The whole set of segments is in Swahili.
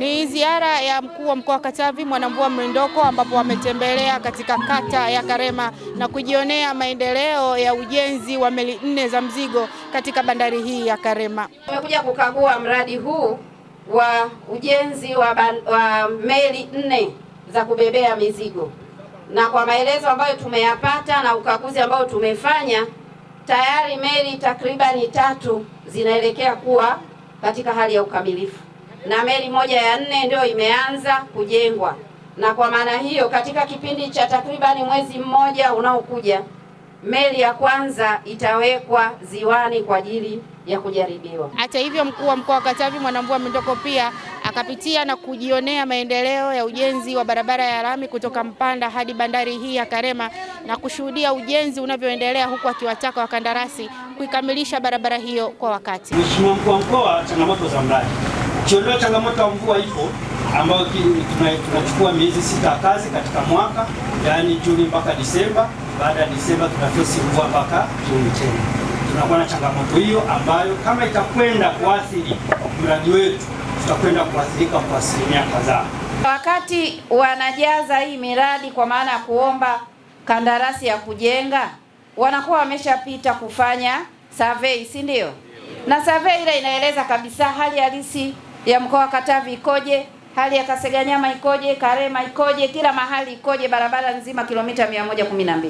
Ni ziara ya mkuu wa mkoa wa Katavi Mwanamvua Mlindoko, ambapo wametembelea katika kata ya Karema na kujionea maendeleo ya ujenzi wa meli nne za mzigo katika bandari hii ya Karema. Tumekuja kukagua mradi huu wa ujenzi wa, ban, wa meli nne za kubebea mizigo, na kwa maelezo ambayo tumeyapata na ukaguzi ambao tumefanya tayari meli takribani tatu zinaelekea kuwa katika hali ya ukamilifu na meli moja ya nne ndio imeanza kujengwa, na kwa maana hiyo katika kipindi cha takribani mwezi mmoja unaokuja meli ya kwanza itawekwa ziwani kwa ajili ya kujaribiwa. Hata hivyo, mkuu wa mkoa wa Katavi Mwanamvua Mindoko pia akapitia na kujionea maendeleo ya ujenzi wa barabara ya lami kutoka Mpanda hadi bandari hii ya Karema na kushuhudia ujenzi unavyoendelea huku akiwataka wakandarasi kuikamilisha barabara hiyo kwa wakati. Mheshimiwa mkuu wa mkoa, changamoto za mradi Kiondoa changamoto ya mvua ipo ambayo tunachukua miezi sita kazi katika mwaka, yaani Juni mpaka Disemba. Baada ya Disemba tunafesi mvua mpaka Juni tena, tunakuwa na changamoto hiyo ambayo kama itakwenda kuathiri mradi wetu tutakwenda kuathirika kwa asilimia kadhaa. Wakati wanajaza hii miradi kwa maana ya kuomba kandarasi ya kujenga, wanakuwa wameshapita kufanya survey, si ndio? Na survey ile inaeleza kabisa hali halisi ya mkoa wa Katavi ikoje, hali ya Kaseganyama ikoje, Karema ikoje, kila mahali ikoje, barabara nzima kilomita 112.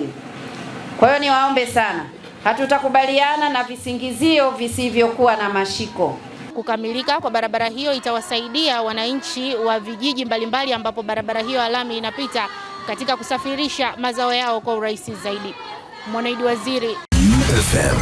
Kwa hiyo niwaombe sana, hatutakubaliana na visingizio visivyokuwa na mashiko. Kukamilika kwa barabara hiyo itawasaidia wananchi wa vijiji mbalimbali ambapo barabara hiyo alami inapita katika kusafirisha mazao yao kwa urahisi zaidi. Mwanaidi Waziri FM